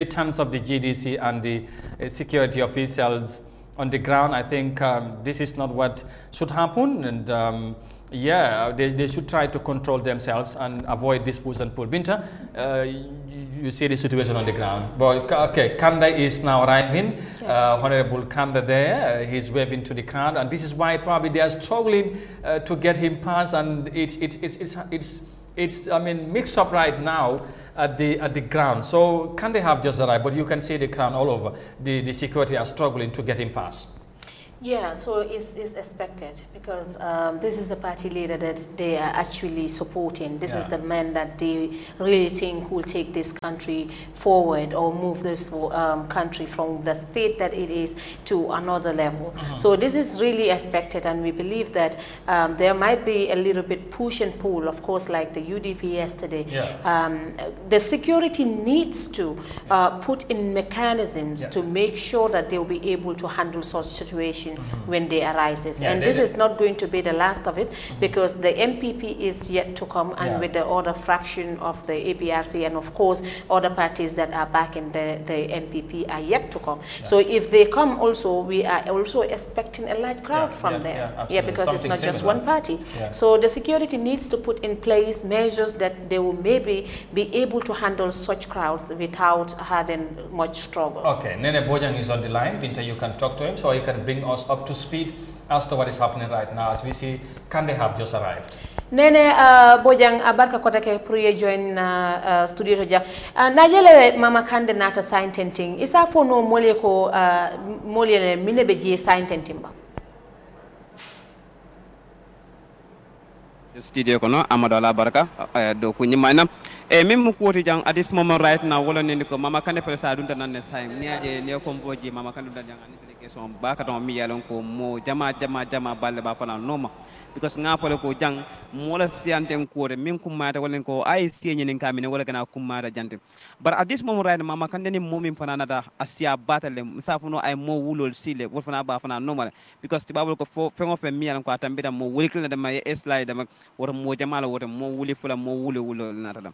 returns of the GDC and the uh, security officials on the ground. I think um, this is not what should happen. And um, yeah, they, they should try to control themselves and avoid this push and pull. Binta, uh, you, you, see the situation on the ground. But okay, Kanda is now arriving. Yeah. Uh, Honorable Kanda there, uh, he's waving to the crowd. And this is why probably they are struggling uh, to get him past. And it's, it, it's, it's, it's it's, I mean, mixed up right now at the, at the ground. So can they have just arrived? But you can see the crowd all over. The, the security are struggling to get him past. Yeah, so it's, it's expected because um, this is the party leader that they are actually supporting. This yeah. is the man that they really think will take this country forward or move this um, country from the state that it is to another level. Mm -hmm. So this is really expected, and we believe that um, there might be a little bit push and pull, of course, like the UDP yesterday. Yeah. Um, the security needs to uh, put in mechanisms yeah. to make sure that they'll be able to handle such situations situation mm-hmm. when they arises. Yeah, and this is not going to be the last of it mm-hmm. because the MPP is yet to come and yeah. with the other fraction of the APRC and of course other parties that are back in the, the MPP are yet to come. Yeah. So if they come also, we are also expecting a large crowd from them. Yeah, because Something it's not similar. just one party. So the security needs to put in place measures that they will maybe be able to handle such crowds without having much struggle. Okay, Nene Bojang is on the line. Winter, you can talk to him so he can bring us us up to speed as to what is happening right now as we see Kande have just arrived. nene uh, bojang abarka barka kota ke join na uh, uh, studio to ja uh, na mama kande nata sign tenting Isafu fo no mwole ko uh, mole ne mine be sign tenting ba studio kono amadou ala baraka uh, do ko ñimmanam e eh, min kuwoti jang at this moment right now wala neni ko mama kane pele sa dunta nan ne sa niaje ne ko mboji mama kane dunta jang ani delegation ba ka don mi yalon ko mo jama jama jama balle ba fana noma because nga fole ko jang mola sianten kore min kummata wala ko ay sienye nin kamine wala kana kummata jante but at this moment right mama kandeni momin fana nada asiya battle. musafuno ay mo wulol sile wol fana ba fana normal because tibabol ko fengo fe mi alan ko atambita mo wulikle dama e slide dama wor mo jamala wor mo wuli fula mo wuli wulol natadam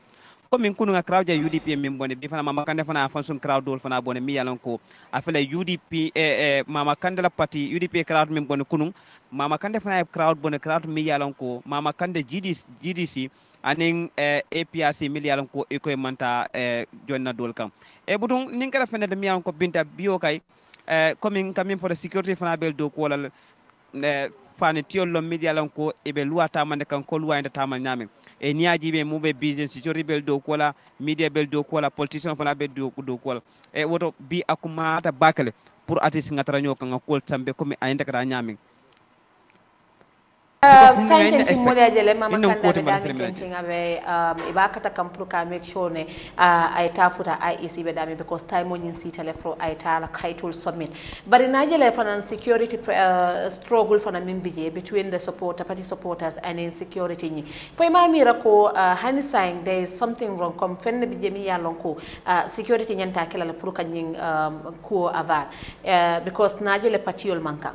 comme une kununga crowd ja UDP min bonde bi fana mama kande fana fan sun crowd dol fana bonne mi yalon ko a fele UDP eh, eh, mama kande la parti UDP crowd min bonde kunun mama kande fana crowd bonne crowd mi yalon ko mama kande GDC GDC anin eh, APRC mi yalon ko e koy manta eh, jonna dol kam e butun nin kala fene de mi yalon ko binta biyo kay eh, comme min kamin for security fana bel do ko wala eh, fani tiyollo miɗi alan ko eɓe luwatamande kanko luwaydetamane ñamen e niyajiɓe muɓe business jotiɓel dow kola media bel dow kola politicien fana ɓe dow kola e woto bi akkumata bakale pour artiste gataraño kanga kol sambe komi ayinde kata ñamen saintenting mole ajele mama kanda bedami tenting ka make sure ne uh, aitafuta IEC because time mo sitale pro aitala kaitul bari najele fanan security uh, struggle fanan mimbije between supporter party supporters and ko hani saying there something wrong kom fenne bije mi yalon ko uh, security nyanta kelala pro kanyin um, uh, because najele patiol manka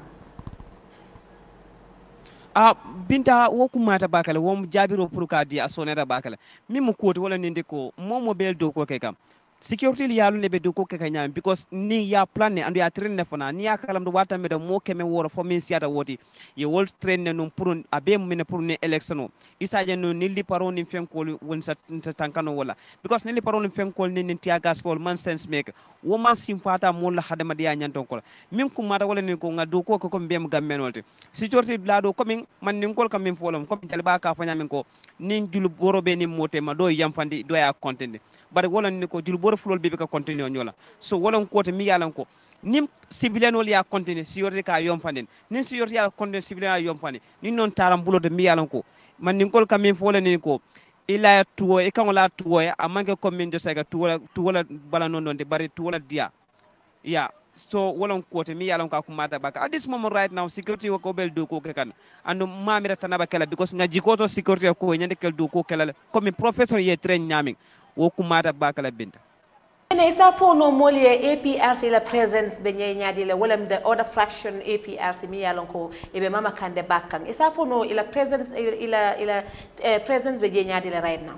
a binta wo kumata bakala wo jabiro pour ka di a soneta bakala min mo kuwoti wala ninde ko mo mo bel dow ko ke kam security li yalu lebe do ko ke kanyam because ni ya plan ne andu ya train ne fona ni ya kalam do wata do mo keme woro fo min siata woti ye wol train ne num pour abe ne purun ne electiono isa je no ni li paron ni fen ko won sa tankano wala because ni li paron ni fen ko ni ni tia gas for man sense make wo man sim fata mo la hadama dia nyanton ko min kum mata wala ni ko nga do ko ko mbem gammen wolte security bla do coming man ni ko kam min folom ko jalba ka fanya min ko ni julu borobe ni ma do fandi do ya contende bare wolon ni ko julboro fulol bibi ka continue o so wolon to mi yalan ko nim wol ya continue si yorde ka yomfanen nin si yorti ya continue sibilen ya yomfane nin noon bulo de mi yalan ko man kol kam min ni ko ila tuwo e kan la tuwo a manke comme min de saga tuwo tuwo bala non non de bare tuwola dia ya so walon kote mi yalon ka mata baka at this moment right now security ko bel do ko ke kan andu mamira tanaba kala because nga to security ko nyande kel do ko kala comme professeur ye train nyaming wo mata baka la binta ene sa fono moli e APRC la presence be nyaadi le wolam de order fraction APRC mi yalon ko e be mama kande bakang e sa fono ila presence ila ila eh, presence be nyaadi le right now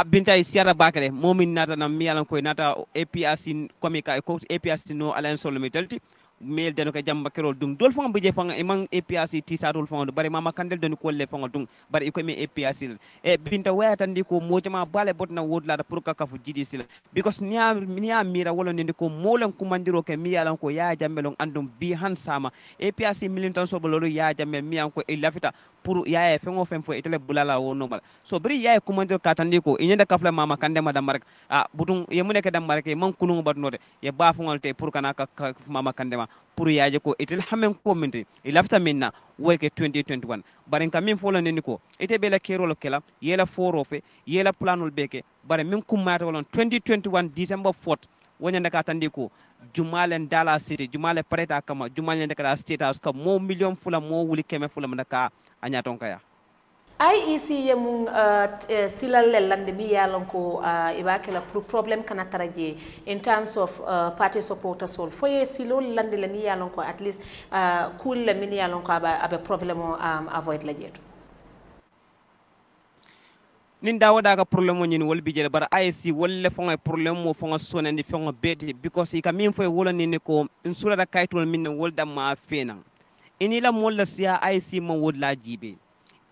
a binta siyata bakele momin nata nam mi alan koye nata aprc komika ko aprc no alliance solmi meldeno ko jamba kerol dum dol fon bije fon e man APC ti bare mama kandel don ko le fon dum bare ko me APC e binta waya tan ko mojama bale botna wodla da pour ka kafu jidi sila because niya niya mira wala ndi ko molan kumandiro ke mi yalan ko ya jambelon andum bi han sama APC militant so bololo ya jambe mi an ko e lafita pour ya e fengo fem fo itele e bulala wo normal so bari ya e kumandiro ka tan ko inyanda kafla mama kande madam mark a budun yemune ke dam mark man kunungo batnode ye bafungol te pour kana ka mama kande pour yaaje ko itel hamen ko minde ilafta e minna woyke 2021 bare nka min folo neni ko ite bela kerolo kela yela forofe yela planol beke bare min kummata wolon 2021 december 4 wonyande ka tandi ko jumale dala city jumale pareta kama jumale ndekata state house ka mo million fula mo wuli keme fula a anya tonkaya IEC ye mun uh, uh, eh, silalle lande mi yalon ko uh, iba kela pro problem kana taraje in terms of uh, party supporters all foye silo lande le mi yalon ko at least uh, cool le mi yalon ko aba aba problem um, avoid la jeto nin da wada ga problem o nyini wol bi jele bara IEC wolle fonga problem mo fonga sonandi fonga beti because ka min foye wolani ne ko insura da kaytol min wol da e ma fenan inila molla siya IEC ma wol la jibe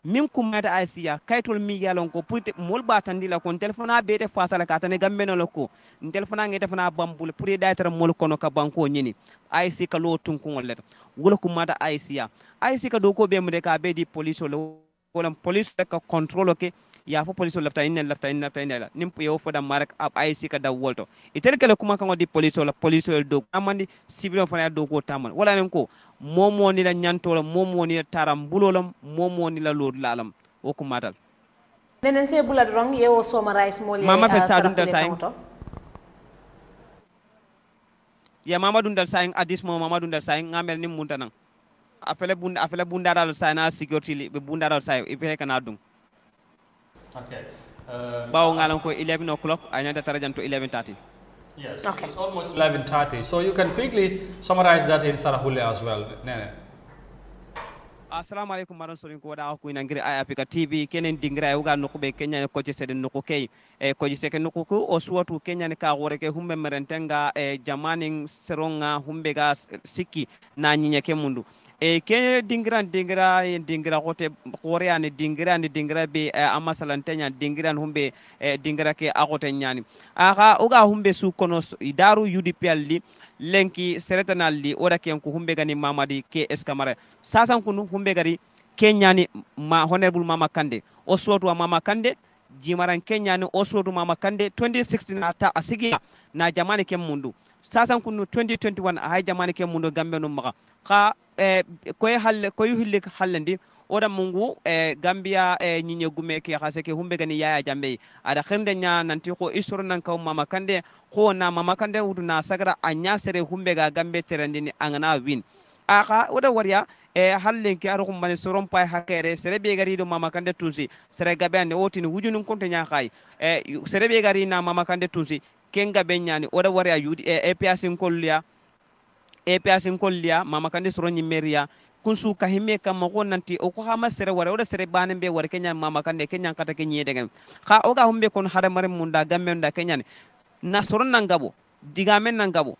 min kumata asiya kaytol mi yalon ko pour mol batandi la kon telefona bete fasala ka tane gambeno la ko telefona ngete fana bambul pour daytara mol kono ka banko nyini aysi ka lo tunkungol leta wala kumata asiya aysi ka do ko be mu de ka be di police lo wala police ka control ke okay? ya fo police lafta inna lafta inna lafta inna nim yo fo da marak ab ay sika da wolto itel kala kuma kan di police la police la do amandi civil fana do ko tamal wala nen ko momo ni la nyanto la momo ni la taram bulolam momo ni la lod lalam o kumatal nenen se bulat rong yewo summarize mo le mama eh, pe sadum dal sayin ya mama dun dal sayin adis mo mama dun dal sayin ngamel ni muntanang afele bunda afele bunda dal sayna security be bunda dal sayin ipe kana dum Okay. Uh, Bao ngalam 11 o'clock, anyanta tarajan to 11:30. Yes, okay. it's almost 11.30. So you can quickly summarize that in Sarahule as well. Nene. assalamu aleykum maɗon soɗin ko waɗa ko inangiri ay africa tv kenen dingra ay uga nokube kenya ko ci sede nokku key e eh, ci seke nokku ko o suwatu ne ka wore ke humbe merentenga e eh, jamanin seronga humbe ga sikki na nyinya ke mundu e ke dingiran eh, gote dingira ya ne dingra ne dingira be eh, amasalan tanya dingiran humbe dingira ke agote nyani aka uga humbe su kono daru udpl li lenki seretanal li ora ken ku humbe gani mamadi ke eskamare sasan kunu humbe gari ke ma honorable mama kande o sotu mama kande jimaran ke o sotu mama kande 2016 ata asigi na jamani ke mundu sasankunno 2021 ay jamani ke mundo gambe num maxa xa koy eh, halle koy hille hallendi oda mungu e gambia e eh, nyinye gume ke khase ke humbe gani yaya jambe ada khende nya nanti ko isoro nan kaw mama kande ko na mama kande wudu na sagara anya sere humbe ga gambe terandini angana win aka oda warya e hallen ke aru bani soron pay hakere sere be gari do mama kande tusi sere gabe ande otini wujunun konto nya khay e sere be gari na mama kande tusi kenga be ñaani ore wari a yuudi e eh, epiasinkolu eh, ya epiasinkolu eh, ya mama kandi soro ñimmeri ya kunsu ka himme kamma ko nanti o ko hama sere wara oda sere banen be wara kenyan mama kande kenyan kata ke nyede gam ha o ga humbe kon hada mare munda gamme nda kenyan na soron nan gabo diga men nan gabo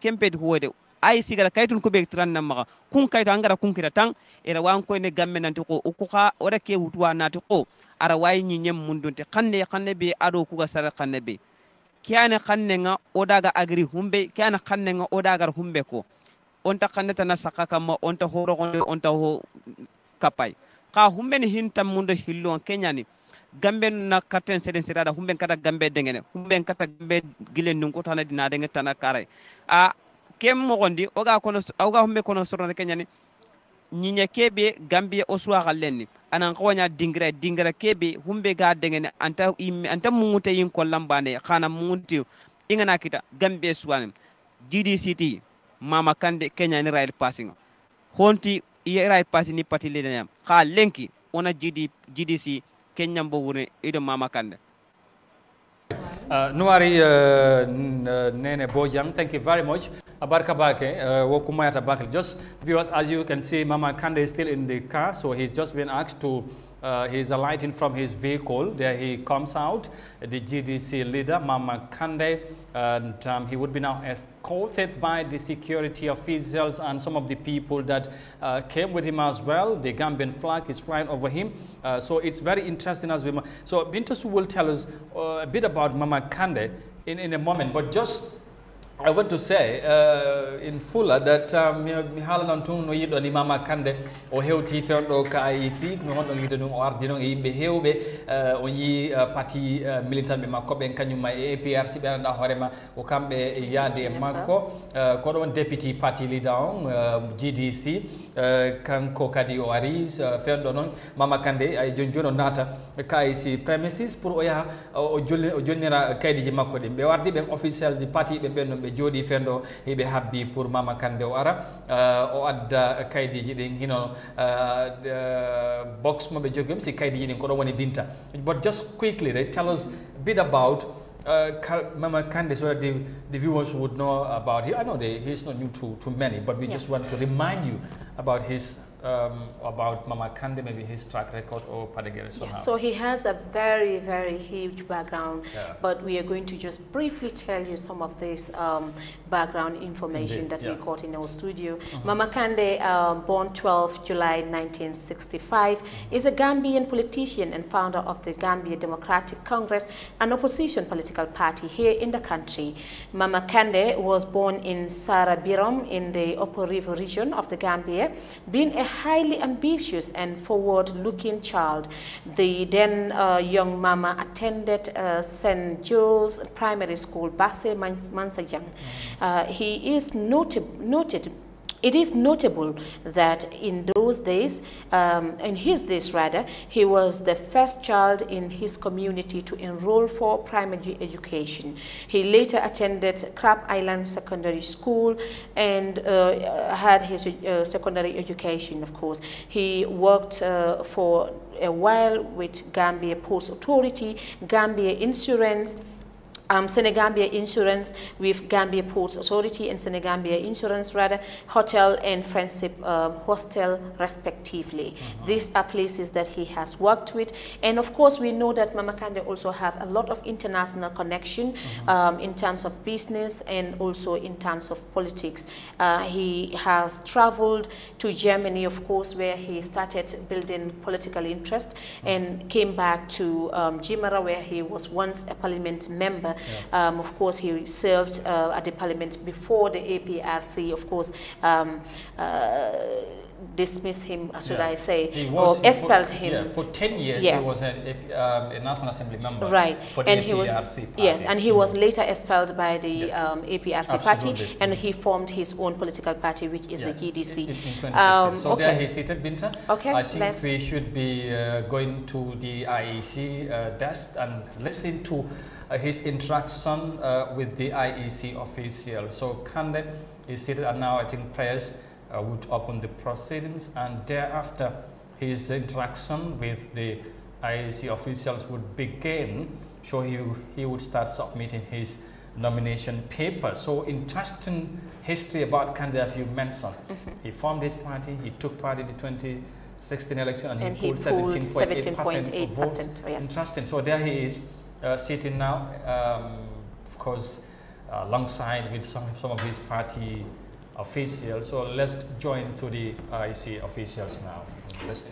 kempe di huwede ay sigara kaytun ko be tran nan kun kayta angara kun kira tan era wan ko ne gamme nanti ko o ko ha oda ke wutwa nati ko ara wayi nyi nyem mundunte kanne kanne be ado ku ga sare kanne be kiana kannenga odaga agri humbe kiana kannenga odagar humbe ko onta kanneta na saka kama onta horo gonde onta ho kapai ka humbe ni hinta mundo hillo kenyani gambe na katen seden sedada humbe kata gambe dengene humbe kata gambe gile nungo tana dinade tana na a kem mo gondi oga kono oga humbe kono sorna kenyani ñiñe kebe gambia osuwa lenni anan xawaña dingre dingre kebe humbe ga dengene anta imme anta mungute yin kollambane xana munguti i ngana kita gambia suwani gdct mama kande keñani rail passing honti rail passing ni pati leneyam xa lenki ona gd gdc keñambo wurne ido mama kande Uh, Nuari uh, uh, Nene Bojang, thank you very much. Abarka Bake, uh, Wokumayata Bakli. Just viewers, as you can see, Mama Kande is still in the car, so he's just been asked to uh, he's alighting from his vehicle. There he comes out, the GDC leader, Mama Kande, and um, he would be now escorted by the security officials and some of the people that uh, came with him as well. The Gambian flag is flying over him. Uh, so it's very interesting as we... So Bintasu will tell us a bit about Mama Kande in, in a moment. But just i want to say uh, in fulla uh, that um, mi, mi haalanan tun no yiɗon imama kande o hewti fewnɗo ka aic e mi honɗo yide ɗum o ardinon e yimɓe hewɓe uh, o yii uh, pati uh, militant ɓe makko ɓen kañumma e aprc ɓe anannɗa hoorema o kamɓe e yaade e makko uh, koɗo on député parti lida on uh, gdc uh, kanko kadi o ari uh, fewnɗo noon mama kande ay joni joni o naata ka aic e premises pour o yaha o jonnira kaydiji makko ɗin ɓe wardi ɓen officiel ji parti ɓe ɓen noɓe ɓe jooɗi fenɗo heɓe habbi pour mama kande o ara eh, o adda kaydiji ɗin hino eh, eh, box moɓe jogi ɗum si kaydiji ɗin ko ɗon woni binta but just quickly they tell us a bit about uh, Mama Kande so that the, the viewers would know about him. I know they, he's not new to, to many, but we yeah. just want to remind you about his um, about Mama Kande, maybe his track record or Padagere somehow. Yeah, so he has a very, very huge background, yeah. but we are going to just briefly tell you some of this um, background information Indeed, that yeah. we got in our studio. Mm -hmm. Mama Kande, uh, born 12 July 1965, mm -hmm. is a Gambian politician and founder of the Gambia Democratic Congress, an opposition political party here in the country. Mama Kande was born in Sarabirom in the Upper River region of the Gambia, being a highly ambitious and forward-looking child. The then uh, young mama attended uh, St. Jules Primary School, Basse Mansajang. Young. Mm. Uh, he is noted, noted it is notable that in those days, um, in his days rather, he was the first child in his community to enroll for primary education. He later attended Crab Island Secondary School and uh, had his uh, secondary education, of course. He worked uh, for a while with Gambia Post Authority, Gambia Insurance, um, Senegambia Insurance with Gambia Ports Authority and Senegambia Insurance rather Hotel and Friendship um, Hostel respectively. Mm-hmm. These are places that he has worked with and of course we know that Mama Kanda also have a lot of international connection mm-hmm. um, in terms of business and also in terms of politics. Uh, he has traveled to Germany of course where he started building political interest mm-hmm. and came back to um, Jimara where he was once a parliament member um, of course, he served uh, at the parliament before the APRC, of course. Um, uh, Dismissed him, should yeah. I say, was, or expelled for, him. Yeah, for 10 years yes. he was a, um, a, National Assembly member right. for the and APRC he was, party. Yes, and he was mm-hmm. later expelled by the yeah. um, APRC Absolutely. party and he formed his own political party, which is yeah. the GDC. In, in 2016. Um, so there he seated, Binta. Okay, I think let's. we should be uh, going to the IEC uh, desk and listen to uh, his interaction uh, with the IEC official. So Kande is seated and now I think prayers uh, would open the proceedings and thereafter his interaction with the IEC officials would begin. So he, he would start submitting his nomination paper. So interesting history about Candidates you mentioned. Mm -hmm. He formed his party, he took part in the 2016 election and, and he, pulled 17.8% of votes. Oh, yes. Interesting. So there he is uh, sitting now, um, of course, uh, alongside with some, some of his party officials. So let's join to the IC officials now. Let's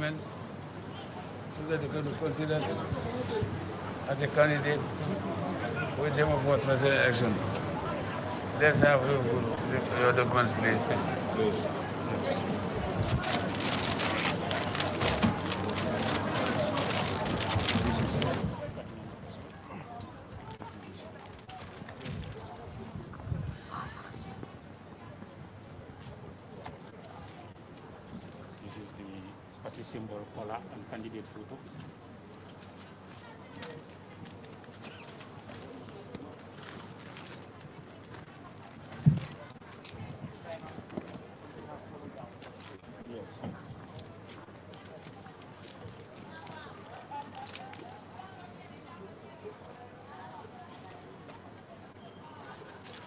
documents so that they can be considered as a candidate with him for president election. Let's have your, your documents, please. This is the party simbol pola dan kandidat photo. Yes.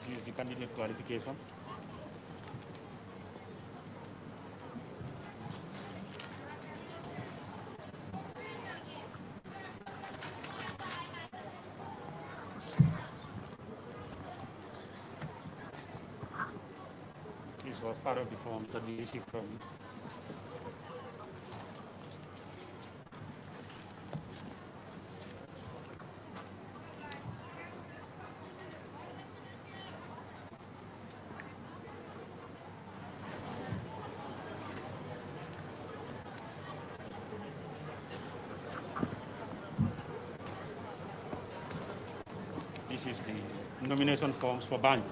This the candidate qualification. the DC from This is the nomination forms for Banjo.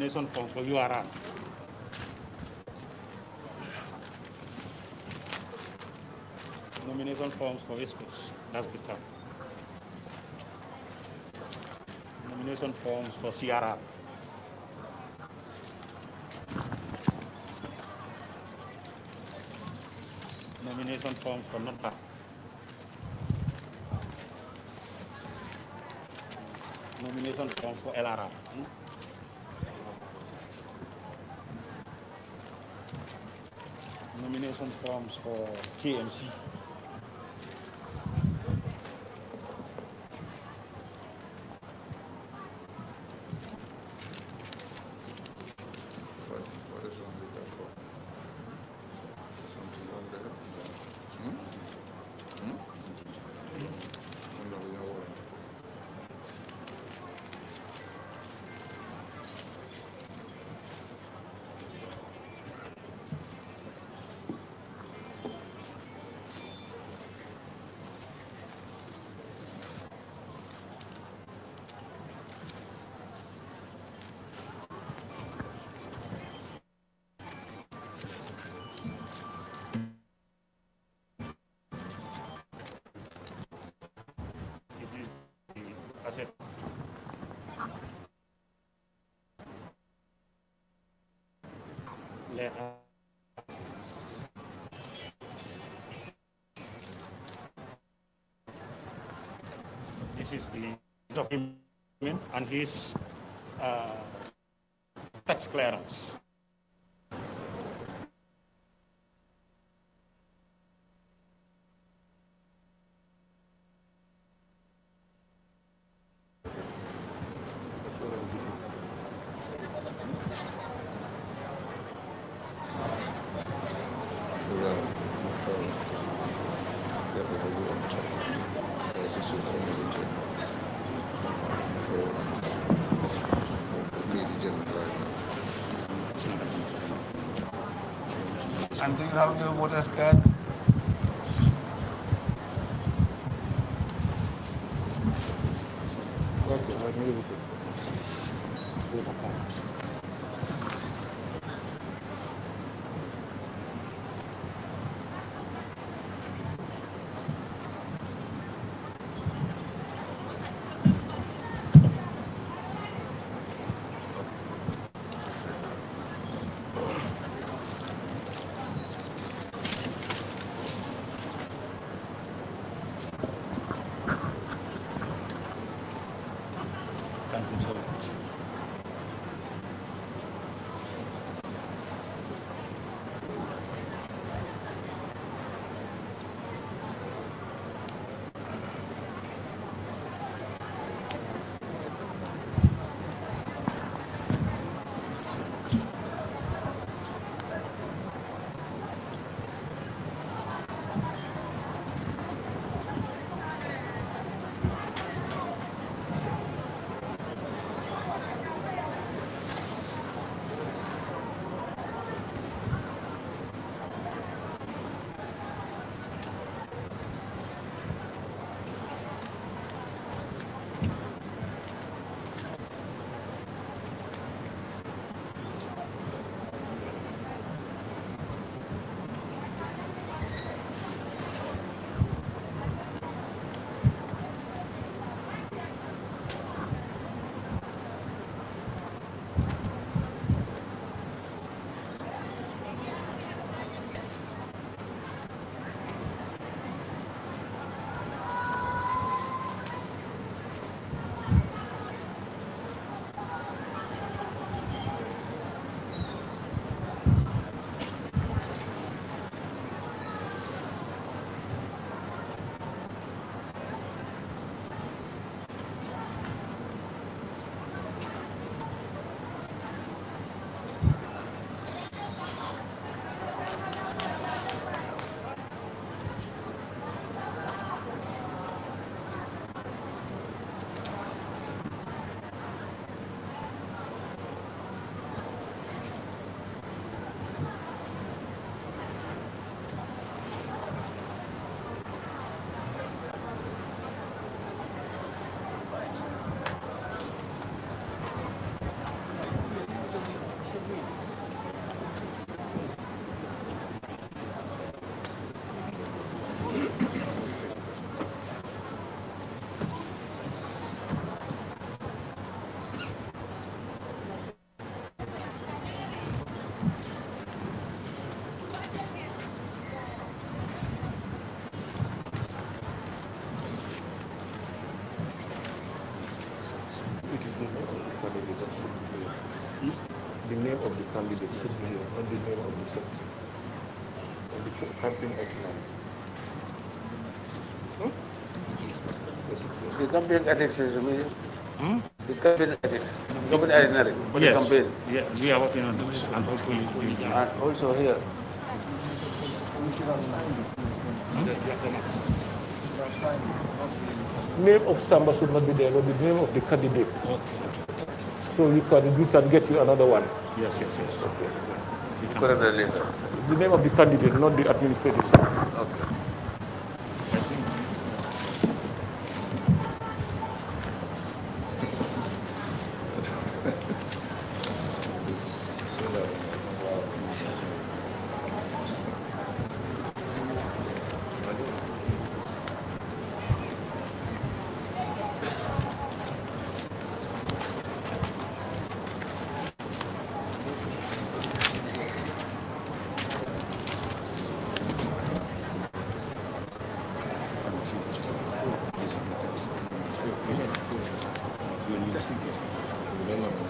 Nomination for, for URL. Nomination forms for ISPOS, that's the Nomination forms for CRR. Nomination forms for NOTA. Nomination forms for LRR. Some forms for KMC. This is the document and his uh, tax clearance. And do you have how the water said. the name of the candidate sits here, not the name of the set. and the campaign outline. Hmm? The campaign ethics is hmm? the campaign ethics. The campaign itinerary yes. the campaign. Yeah, we are working on this. and hopefully we And also here. Hmm? Name of Samba should not be there, but the name of the candidate. Okay so you can you can get you another one. Yes, yes, yes. Okay. The name of the candidate, not the administrative. Okay. した。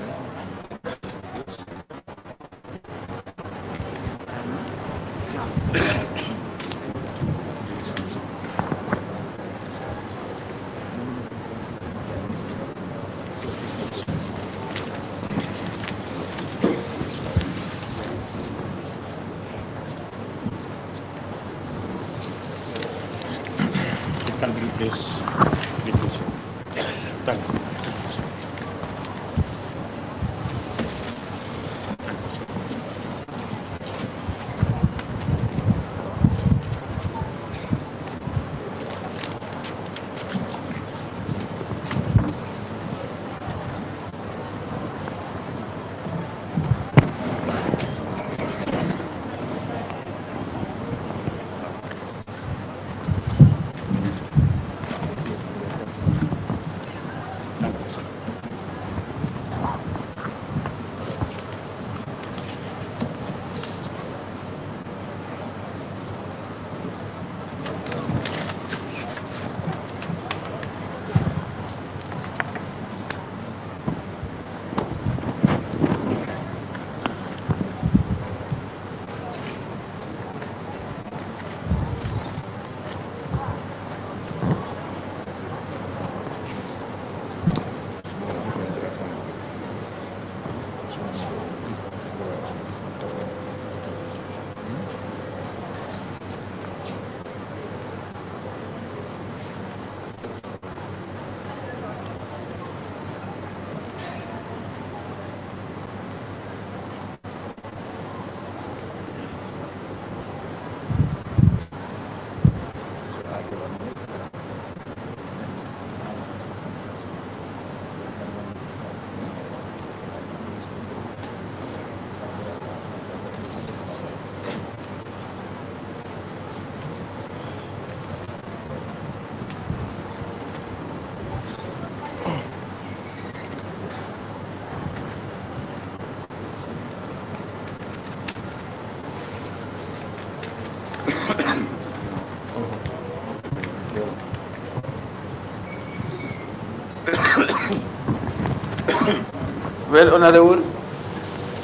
well, Honorable?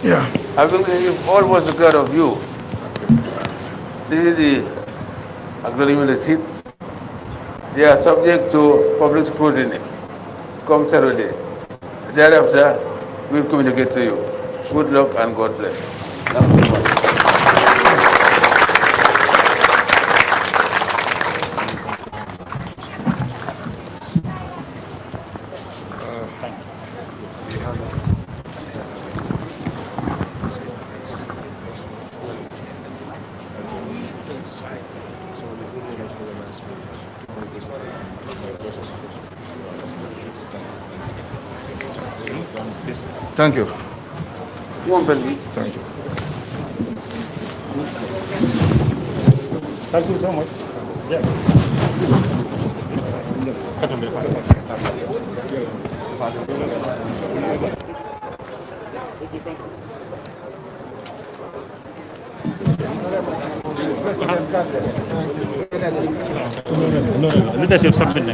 Yeah. I will give almost the care of you. This is the agreement receipt. They are subject to public scrutiny. Come Saturday. Thereafter, we'll communicate to you. Good luck and God bless. Thank you. One not Thank you. Thank you so much. Yeah. Leadership something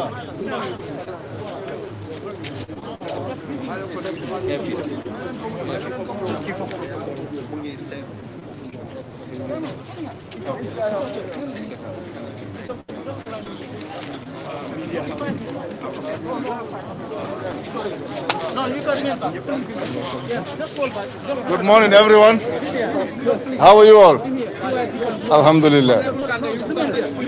Good morning, everyone. How are you all? Alhamdulillah. Actually, we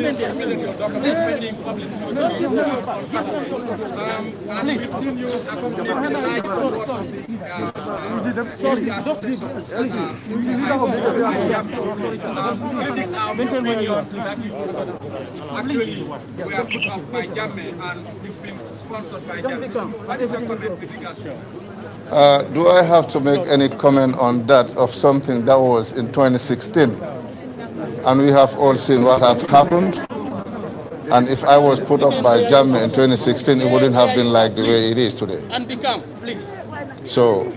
put up by and we've been sponsored by Uh, do I have to make any comment on that of something that was in 2016? and we have all seen what has happened. And if I was put up by Jammeh in 2016, it wouldn't have been like the way it is today. And become, please. So,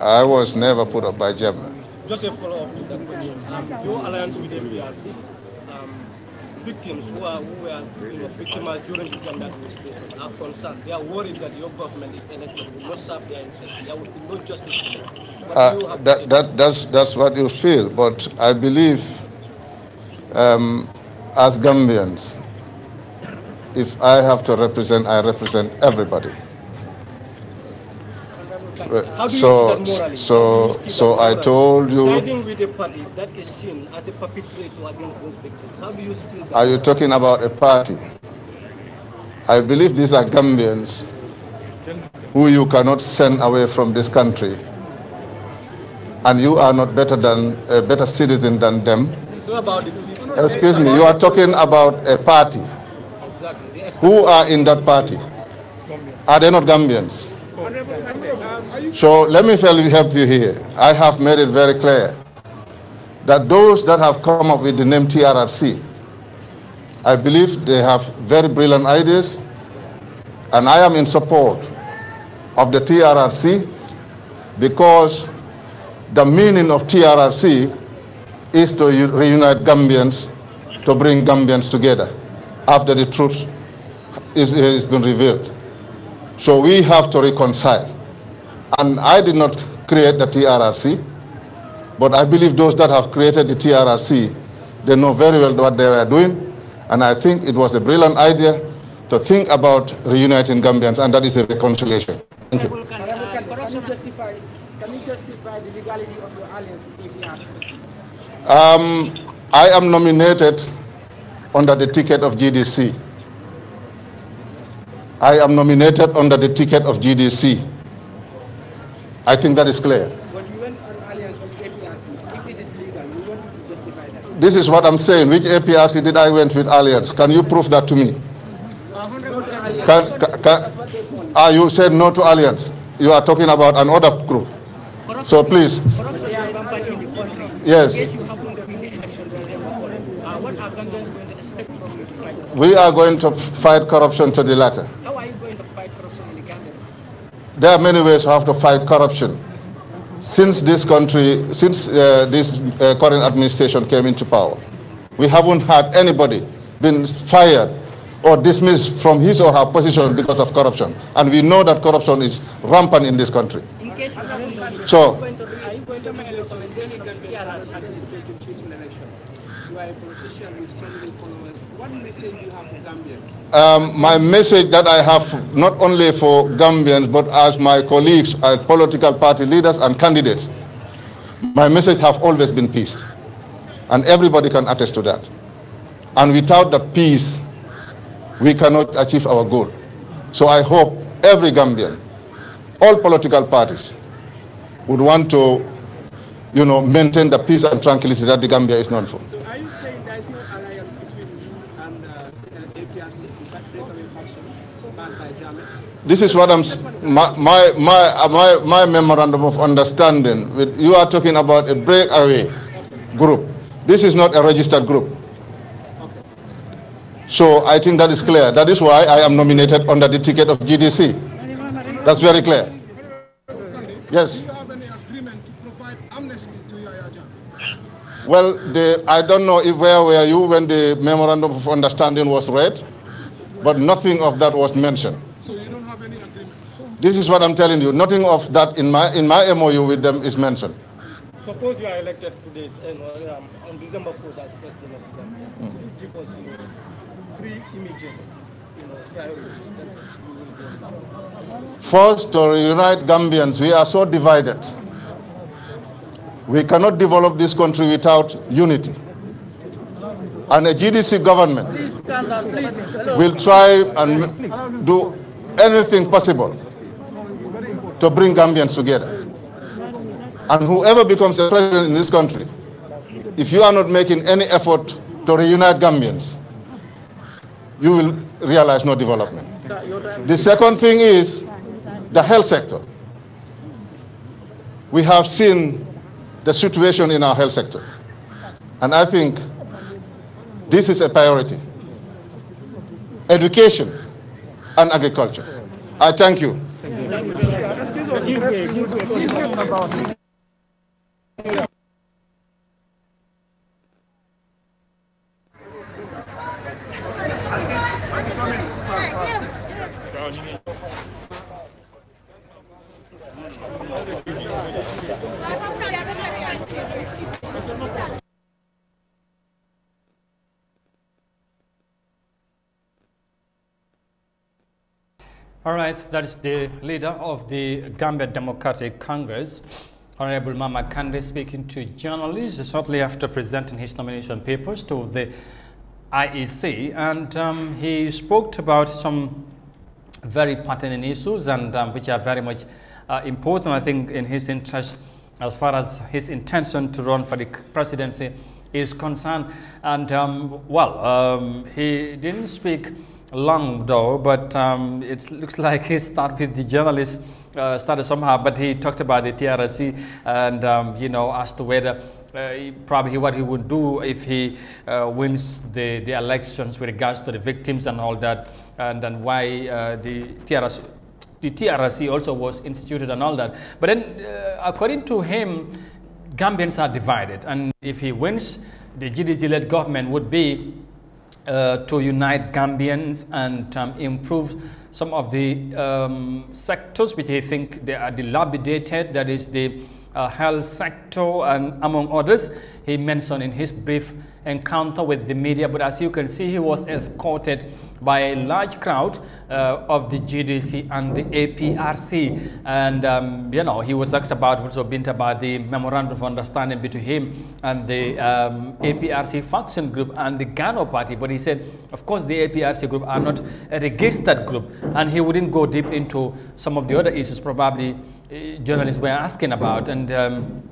I was never put up by Jammeh. Just a follow-up to that question. Um, your alliance with MPRC, um, victims who, are, who were you know, victimized during the Jammeh administration are concerned. They are worried that your government, if elected, will not serve their interests. There will be no justice. Uh, that, that, that's, that's what you feel, but I believe um, as Gambians, if I have to represent, I represent everybody. so, So, so I told you. Are you talking about a party? I believe these are Gambians who you cannot send away from this country. And you are not better than a better citizen than them. Excuse me, you are talking about a party. Exactly. Who are in that party? Are they not Gambians? So let me help you here. I have made it very clear that those that have come up with the name TRRC, I believe they have very brilliant ideas, and I am in support of the TRRC because the meaning of TRRC is to reunite Gambians, to bring Gambians together after the truth is, has been revealed. So we have to reconcile. And I did not create the TRRC, but I believe those that have created the TRRC, they know very well what they were doing. And I think it was a brilliant idea to think about reuniting Gambians, and that is a reconciliation. Thank you. Can you justify, the legality of um, I am nominated under the ticket of GDC. I am nominated under the ticket of GDC. I think that is clear. But you went an alliance with APRC. If it is legal, you want to justify that. This is what I'm saying. Which APRC did I went with alliance? Can you prove that to me? Can, can, can, ah, you said no to alliance. You are talking about another group. So please. Yes. Uh, we are going to fight corruption to the latter. How are you going to fight corruption in the Gambia? There are many ways how to fight corruption. Since this country, since uh, this uh, current administration came into power, we haven't had anybody been fired or dismissed from his or her position because of corruption. And we know that corruption is rampant in this country. So um, my message that I have not only for Gambians, but as my colleagues and political party leaders and candidates, my message have always been peace. And everybody can attest to that. And without the peace, we cannot achieve our goal. So I hope every Gambian, all political parties, would want to you know, maintain the peace and tranquility that the Gambia is known for. So are you saying there is no alliance between you and uh, the APRC, that breakaway faction This is what I'm, my, my, uh, my, my, memorandum of understanding. With, you are talking about a breakaway group. This is not a registered group. So I think that is clear. That is why I am nominated under the ticket of GDC. That's very clear. Yes. Well, the, I don't know if where were you when the memorandum of understanding was read, but nothing of that was mentioned. So you don't have any agreement? This is what I'm telling you. Nothing of that in my, in my MOU with them is mentioned. Suppose you are elected today, um, on December 4th as president of Ghana, mm. you give us you three images? You know, First, to reunite Gambians, we are so divided. We cannot develop this country without unity. And a GDC government will try and do anything possible to bring Gambians together. And whoever becomes the president in this country, if you are not making any effort to reunite Gambians, you will realize no development. The second thing is the health sector. We have seen the situation in our health sector. And I think this is a priority. Education and agriculture. I thank you. Thank you. Thank you. All right, that is the leader of the Gambia Democratic Congress, Honorable Mama Kande, speaking to journalists shortly after presenting his nomination papers to the IEC. And um, he spoke about some very pertinent issues and um, which are very much uh, important, I think, in his interest as far as his intention to run for the presidency is concerned. And, um, well, um, he didn't speak long though, but um, it looks like he started with the journalist uh, started somehow, but he talked about the TRC and um, you know as to whether. Uh, probably what he would do if he uh, wins the, the elections with regards to the victims and all that, and, then why uh, the TRC the TRC also was instituted and all that. But then, uh, according to him, Gambians are divided. And if he wins, the GDZ led government would be uh, to unite Gambians and um, improve some of the um, sectors which they think they are dilapidated, that is the uh, health sector and among others. He mentioned in his brief encounter with the media. But as you can see, he was escorted by a large crowd uh, of the GDC and the APRC. And, um, you know, he was asked about, also been about the memorandum of understanding between him and the um, APRC faction group and the Gano party. But he said, of course, the APRC group are not a registered group. And he wouldn't go deep into some of the other issues probably uh, journalists were asking about. And um,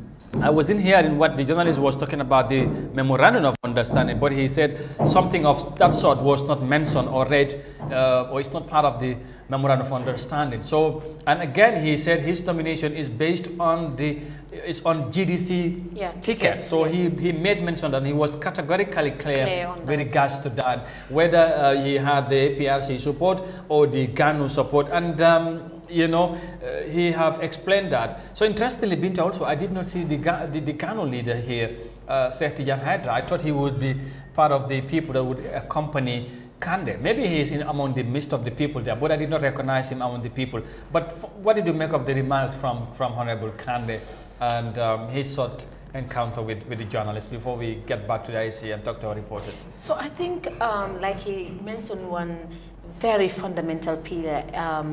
I was in here in what the journalist was talking about the memorandum of understanding, but he said something of that sort was not mentioned or read, uh, or it's not part of the memorandum of understanding. So, and again, he said his nomination is based on the is on GDC yeah, ticket. so he he made mention that he was categorically clear, clear with regards to that, whether uh, he had the APRC support or the GANU support, and. Um, you know, uh, he have explained that. So interestingly, Binta also, I did not see the, the, the leader here, uh, Sekti Jan Hydra. I thought he would be part of the people that would accompany Kande. Maybe he is in, among the midst of the people there, but I did not recognize him among the people. But what did you make of the remarks from, from Honorable Kande and um, his sort encounter with, with the journalists before we get back to the IC and talk to our reporters? So I think, um, like he mentioned, one very fundamental pillar. Um,